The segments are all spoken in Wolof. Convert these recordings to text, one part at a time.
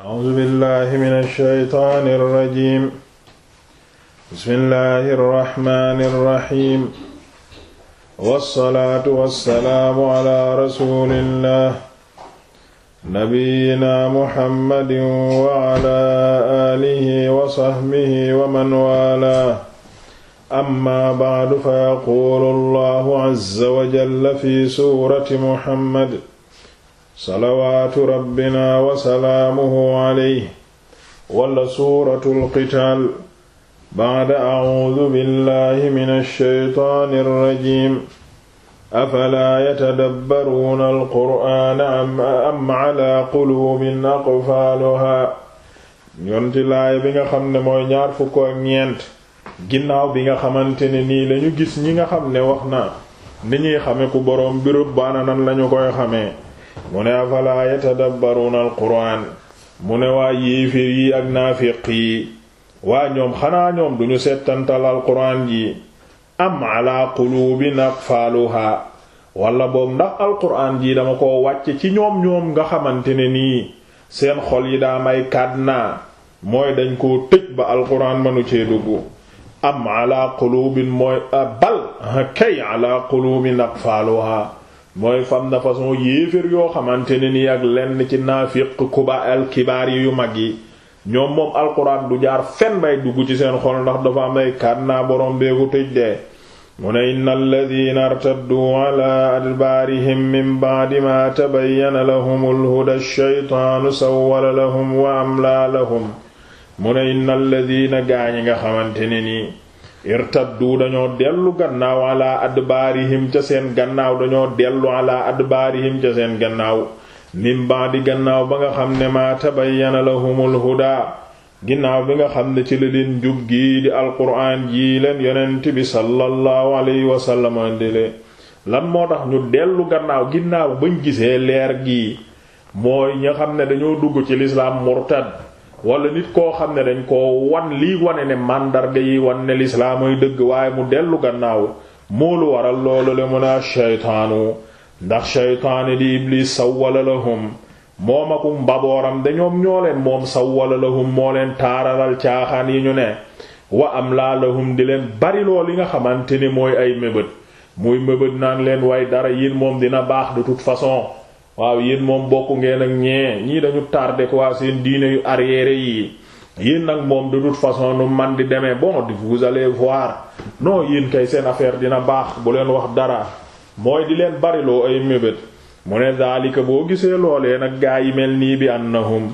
أعوذ بالله من الشيطان الرجيم بسم الله الرحمن الرحيم والصلاة والسلام على رسول الله نبينا محمد وعلى آله وصحبه ومن والاه أما بعد فيقول الله عز وجل في سورة محمد salawaatu rabbina wa salaamuhu alayhi wala suuratul qitaal ba'da a'uudu billahi minash shaytaanir rajiim afalaa yatadabbaruuna alqur'aana am ala quluubin aqfaaluhaa yonti laaya bi nga xam ne mooy ñaar fukk ak ñeent ginnaaw bi nga xamante ni nii lañu gis ñi nga xam ne wax na ni ñuy xame ku boroom birub baana nan lañu koy xamee mu ne afalaa yatadabbaruuna alquraan mu ne waa yéeféer yi ak naafiq yi waa ñoom xanaa ñoom duñu settantal alquraan ji am ala quluubin aqfaaluhaa walla boobu ndax alquraan ji dama ko wàcce ci ñoom ñoom nga xamante ne nii seen xol yi daa may kàdnaa mooy dañ koo tëj ba alquraan manu cee dugg am ala quluubin mooy bal kay ala quluubin aqfaaluhaa mooy fam na façon yéefér yoo xamante ne ni ak lenn ci naafiq kuba al yi yu mag yi ñoom moom alquran du jaar fen bay dugg ci seen xol ndax dafa am ay kànnaa borom beeku tëj dee mu ne inna alladina irtaddu ala min ba'di ma tabayyana lahum alhuda shaytaanu sawwala lahum wa amla lahum mu ne inna alladina gaañi nga xamante ne nii irtaddu dañoo dellu gannaaw ala adbaarihim ca seen gannaaw dañoo dellu ala adbaarihim ca seen gannaaw min di gannaaw ba nga xam ne maa tabayyana lahumul huda ginnaaw bi nga xam ne ci la leen njub gii di alquraan jii leen yonent bi sallallahu alayhi wasallam lan moo tax ñu dellu gannaaw ginnaaw bañ gisee leer gii mooy ña xam ne dañoo dugg ci lislaam murtad wala nit koo xam ne dañ koo wan lii wane ne màndarga yi wan ne lislaam mooy dëgg waaye mu dellu gannaaw moo lu waral loolu le mu ne ashaytaanu ndax shaytaani di iblis sawwala lahum moom akum mbabooram dañoom ñoo leen moom sawwala lahum moo leen taaralal caaxaan yi ñu ne wa am laa di leen bari lool yi nga xamante ni mooy ay mébét muy mébét naan leen waaye dara yéen moom dina baax de toute façon waaw yéen moom bokk ngeen ak ñee ñii dañu tardé quoi seen diine yu arrière yi yéen nag moom de toute façon nu man di demee bon di vous allez voir non kay seen affaire dina baax bu leen wax dara mooy di leen bariloo ay mébét mu ne daalika boo gisee loolee nag gaa yi mel nii bi ànd annahum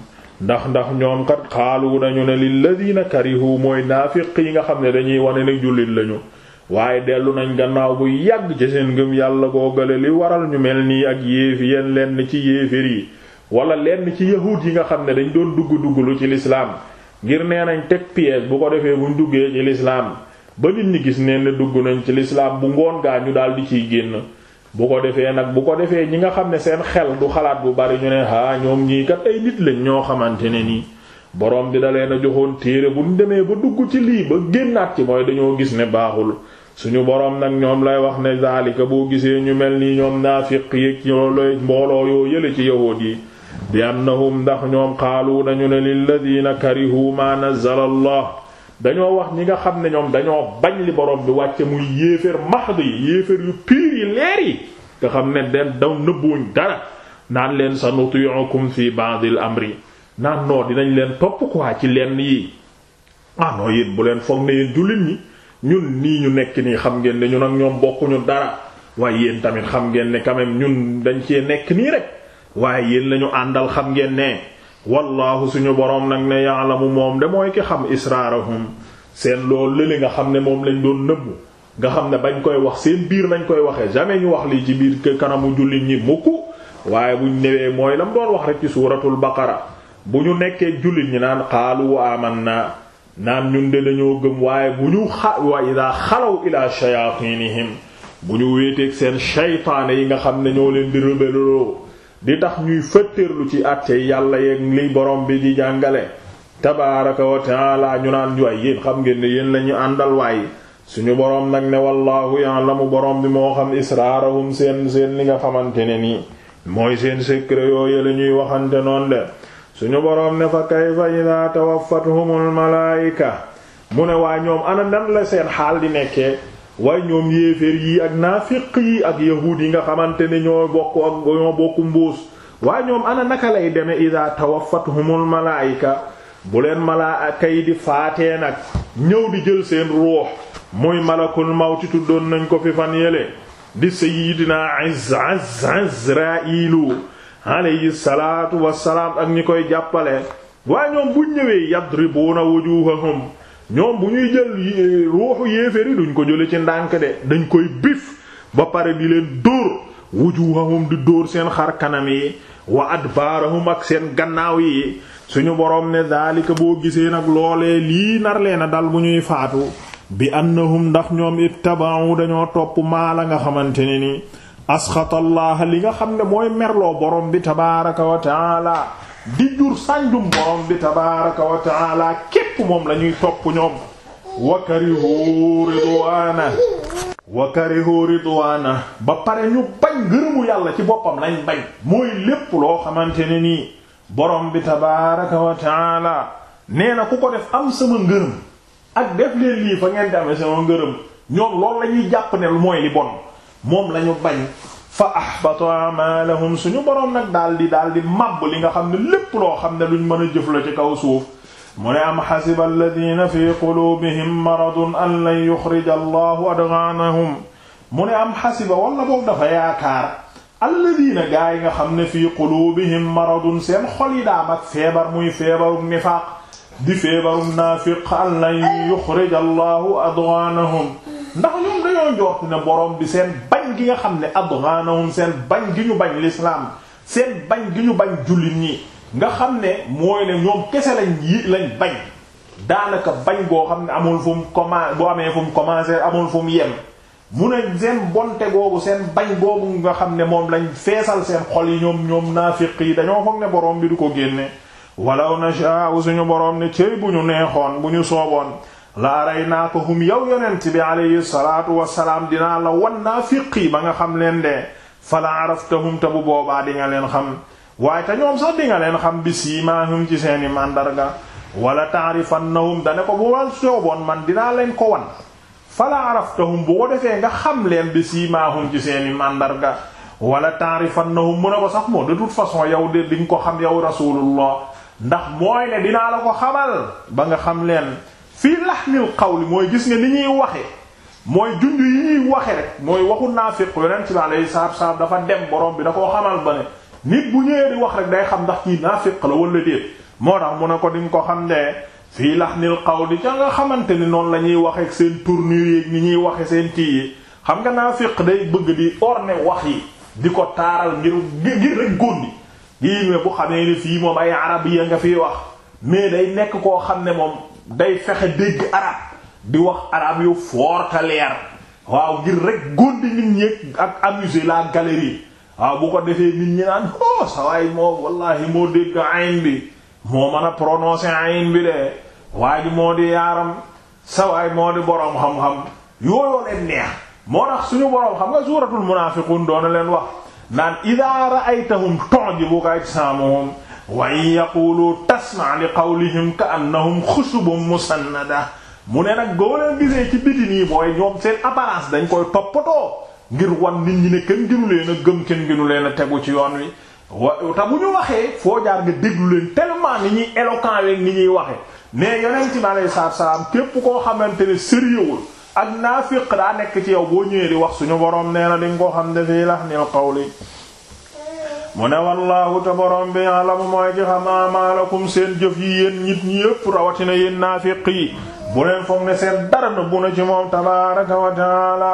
ndax ndax ñoom kat xaalu nañu ne li la lilladina karihu mooy naafiq yi nga xam ne dañuy wane ne jullit lañu waaye dellu nañ gannaaw bu yàgg ci seen ngëm yàlla googale li waral ñu mel nii ak yéefi yeen lenn ci yéefér yi wala lenn ci yahuud yi nga xam ne dañ doon dugg dugglu ci lislaam ngir nee nañ teg piège bu ko defee buñ duggee ci lislaam ba nit ñi gis nee ne dugg nañ ci lislaam bu ngoon gaa ñu daal di ciy génn bu ko defee nag bu ko defee ñi nga xam ne seen xel du xalaat bu bari ñu ne haa ñoom ñii kat ay nit lañ ñoo xamante ne nii boroom bi da leen a joxoon téere bu ñu demee ba dugg ci lii ba génnaat ci mooy dañoo gis ne baaxul suñu boroom nag ñoom lay wax ne zaalika boo gisee ñu mel nii ñoom naafiq yëg looloy mbooloo yoo yële ci yahuud yi bi annahum ndax ñoom xaalu nañu ne lilladina karihu ma nazzala allah dañoo wax ñi nga xam ne ñoom dañoo bañ li boroom bi wàcce muy yéeféer mahd yi yéeféer yu piir yi leer yi nga xam ne den daw nëbbuwuñ dara naan leen sa nuti'ukum fi ba'dil amri naan noo dinañ leen topp quoi ci lenn yi ah noo bu leen foog ne yéen jullit ñi ñun nii ñu nekk nii xam ngeen ne ñun ñoom bokkuñu dara waaye yéen tamit xam ngeen ne quand même ñun dañ cee nekk nii rek waaye yéen lañu àndal xam ngeen ne wallaahu suñu boroom nag ne la mu moom de mooy ki xam israarahum seen loolu lële nga xam ne moom lañ doon nëbbu nga xam ne bañ koy wax seen biir nañ koy waxee jamais ñu wax lii ci biir kanamu jullit ñi mukk waaye buñ newee mooy lam doon wax rek ci suuratul baqara bu ñu nekkee jullit ñi naan qaalu amanna naan ñun de dañoo gëm waaye bu ñu xa wa ida xalaw ila shayatinihim bu ñu wéeteeg seen shaytaane yi nga xam ne ñoo leen di rébelloo di tax ñuy fëttërlu ci àtte yàlla yeeg li borom bi di jàngale tabaaraka wa taala ñu naan ñu ay yéen xam ngeen ne yéen la ñu àndal waaye suñu borom nag ne wallaahu ya'lamu borom bi moo xam israarahum seen seen li nga xamante ne nii mooy seen secret yooyu la ñuy waxante noonu de suñu boroom ne fa kayfa ida tawafathumul malaayika mu ne waa ñoom ana nan la seen xaal di nekkee waaye ñoom yéeféer yii ak naafiq yi ak yahuud yi nga xamante ne ñoo bokk ak ñoo bokku mbuus waaye ñoom ana naka lay deme ida tawafathumul malaayika bu leen malaaka yi di faatee nag ñëw di jël seen ruux muy malakul mawti tuddoon nañ ko fi fan yele di sayyidina az az azrailu alayhi salaatu wassalaam ak ñi koy jàppale waaye ñoom buñ ñëwee yadribuuna wujuuhahum ñoom bu ñuy jël ruuxu yéeféri duñ ko jële ci ndànk de dañ koy bif ba pare di leen dóor wujuuhahum di dóor seen xar kanam yi wa adbaarahum ak seen gannaaw yi suñu boroom ne daalika boo gisee nag loolee lii nar leena dal bu ñuy faatu bi annahum ndax ñoom ittaba'u dañoo topp maa la nga xamante ne ni asxatallaaha li nga xam ne mooy merloo borom bi tabaaraka wa taala di jur sànjum borom bi tabaaraka wa taala képp moom la ñuy topp ñoom wa karihu ridwaana ba pare ñu bañ ngërëmu yàlla ci boppam lañ bañ mooy lépp loo xamante ne nii borom bi tabaaraka wa taala nee na ku ko def am sama ngërëm ak def leen lii fa ngeen di amee sama ngërëm ñoom loolu la jàpp ne mooy li bon moom lañu bañ fa ahbatu amalahum suñu boroom nag daal di daal di màbb li nga xam ne lépp xam ne luñ mën a jëf la ci kaw suuf mu ne am xasiba alladina fi qulubihim maradun an lan yuxrija allahu adghanahum mu ne am xasiba wala boog dafa yaakaar alladina gaa yi nga xam ne fii quluubihim maradun seen xol yi daam ak muy feebarum nifaaq di feebarum naafiq an lan yuxrija allahu adghanahum ndax ñoom dañoo njort ne boroom bi seen bañ gi nga xam ne adghanahum seen bañ gi ñu bañ l'islam seen bañ gi ñu bañ jullit ñi nga xam ne mooy ne ñoom kese lañ yi lañ bañ daanaka bañ goo xam ne amul fu mu commencé boo amee fu mu commencé amul fu mu yem mu ne seen bonte googu seen bañ googu nga xam ne moom lañ feesal seen xol yi ñoom ñoom naafiq yi dañoo foog ne borom bi du ko génne walaw nashaa'u suñu borom ne cëy bu ñu neexoon bu ñu sooboon la araynaakahum yow yonent bi alayhi salaatu wasalaam dinaa la wan naafiqi ba nga xam leen de fala araftahum te bu boobaa di leen xam waaye te ñoom sax di nga leen xam bi siimaahum ci seeni màndarga wala taarifannahum dane ko bu wal sooboon man dinaa leen ko wan fala araftahum bu ko defee nga xam leen bi siimaahum ci seeni màndarga wala taarifannahum mu ne ko sax moo de toute façon yow de di nga ko xam yow rasulullah ndax mooy ne dinaa la ko xamal ba nga xam leen fii xaw li mooy gis nga ni ñuy waxee mooy junj yi ñuy waxee rek mooy waxu naafiq yonent bi alayhi salaatu salaam dafa dem borom bi da koo xamal ba ne nit bu ñëwee di wax rek day xam ndax ñii naafiq la wala déet moo tax mu ne ko di ko xam ne fii xaw xawli ca nga xamante ni noonu la ñuy waxee seen tournure yi ni ñuy waxe seen kii yi xam nga naafiq day bëgg di orne wax yi di ko taaral ngir ngir rek góondi lii mais bu xamee ni fii moom ay arab nga fiy wax mais day nekk koo xam ne moom. day fexe dégg arab di wax arab yu forta waaw ngir rek gondi nit ñi ak amuser la galerie waaw bu ko defee nit ñi naan oh sawaay moo wallahi moo dégg ayn bi moo mën a prononcer ayn bi de waa ji moo di yaaram sawaay moo di boroom xam-xam yooyoo leen neex moo tax suñu boroom xam nga suuratul munaafiqun doona leen wax naan idaa ra'aytahum tu'jibuka ajsaamuhum wa in yaqulu tasma li qawlihim ka annahum xushubun musannada mu ne nag boo leen gisee ci biti nii mooy ñoom seen apparence dañ koy toppatoo ngir wan nit ñi ne kenn gënu leen a gëm kenn gënu leen a tegu ci yoon wi wa te bu ñu waxee foo jaar gi déglu leen tellement ni ñuy éloquent leen ni ñuy waxee mais yonent bi aleyhi salaatu salaam képp koo xamante ne sérieux ak naafiq daa nekk ci yow boo ñëwee di wax suñu boroom nee na di nga koo xam ne fii lahnil qawli mu ne wallaahu te borom bi ya'lamu ci xam amaalakum seen jëf yi yéen nit ñi rawatina yéen naafiq yi bu ne seen dara na bu ci moom tabaaraka wa taala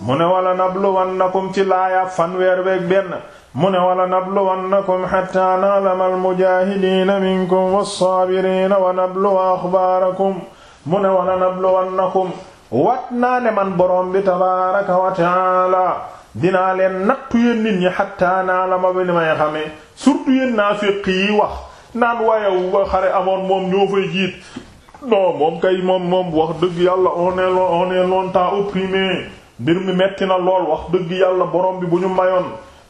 mu ne wala nabluwannakum ci laaya fanweer beeg benn mu ne wala nabluwannakum hatta na'lama al-mujaahidiina minkum was-saabiriina wa nabluwa axbaarakum mu ne wala nabluwannakum wat naa ne man tabaaraka wa taala dinaa leen nattu yéen nit ñi xatta naa la ma ni may xamee surtout yéen naafiq yi wax naan waaye ba xare amoon moom ñoo fay jiit non moom kay moom moom wax dëgg yàlla on est on est mbir mi metti na lool wax dëgg yàlla borom bi bu ñu mayoon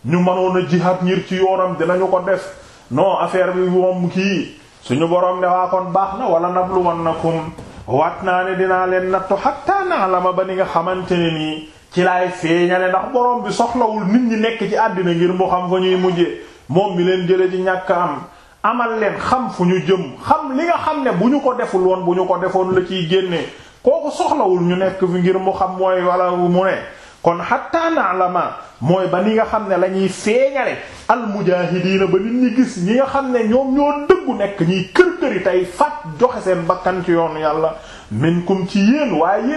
ñu mënoon a jihaat ngir ci yoonam dinañu ko def non affaire bi moom kii suñu borom ne waa kon baax na wala nabluwannakum waat naa ne dinaa leen nattu xatta naa la ma ba ni nga xamante ne ci laay feeñale ndax borom bi soxlawul nit ñi nekk ci àddina ngir mu xam fa ñuy mujjee moom mi leen jële ci ñàkk am amal leen xam fu ñu jëm xam li nga xam ne bu ñu ko deful woon bu ñu ko defoon la ciy génnee kooku soxlawul ñu nekk fi ngir mu xam mooy wala mu ne kon hatta na'lama mooy ba ni nga xam ne la ñuy feeñale almujaahidiina ba nit ñi gis ñi nga xam ne ñoom ñoo dëggu nekk ñiy kër këri tey fat joxe seen bakkan ci yoon yàlla minkum ci yéen waaye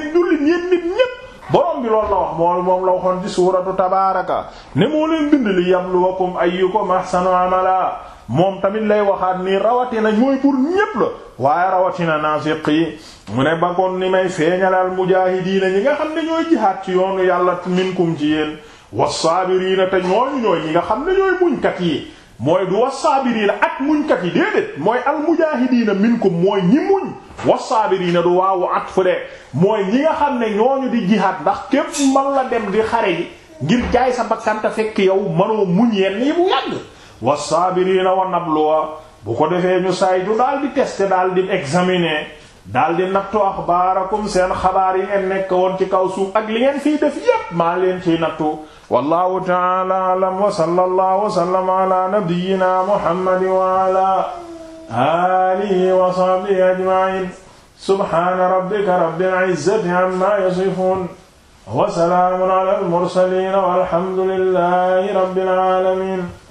borom bi loolu la wax moo moom la waxoon ci suuratu tabaaraka ne moo leen bind li yabluwakum ayyukum ahsanu amala moom tamit lay waxaat nii rawatina ñooy pour ñépp la waaye rawatina naafiq yi mu ne ba kon ni may feeñalal mujaahidiina ñi nga xam ne ñooy jihaat ci yoonu yàlla minkum ci yéen wassaabiriina te ñooñu ñooy ñi nga xam ne ñooy muñkat yi mooy du wassaabiriina ak muñkat yi déedéet mooy almujaahidiina minkum mooy ñi muñ wassaabiriina du waawu at fule de mooy ñi nga xam ne ñooñu di jihaad ndax képp man la dem di xare ji ngir jaay sa bakkanta fekk yow mënoo muñ yenn yi bu yàgg wassaabiriina wa nabluwa bu ko defee ñu saay ju daal di tester daal di examiner daal di nattu axbaarakum seen xabaar yi ngeen nekk woon ci kaw suuf ak li ngeen fiy def yépp maa leen ciy nattu wallahu taala alam wa sallallahu wa sallama ala nabiyyina muhammadin wa ala alihi wa sahbihi ajma'in subhana rabbika rabbil izzati amma yasifun wa salaamun ala al mursalin walhamdulillahi rabbil alamin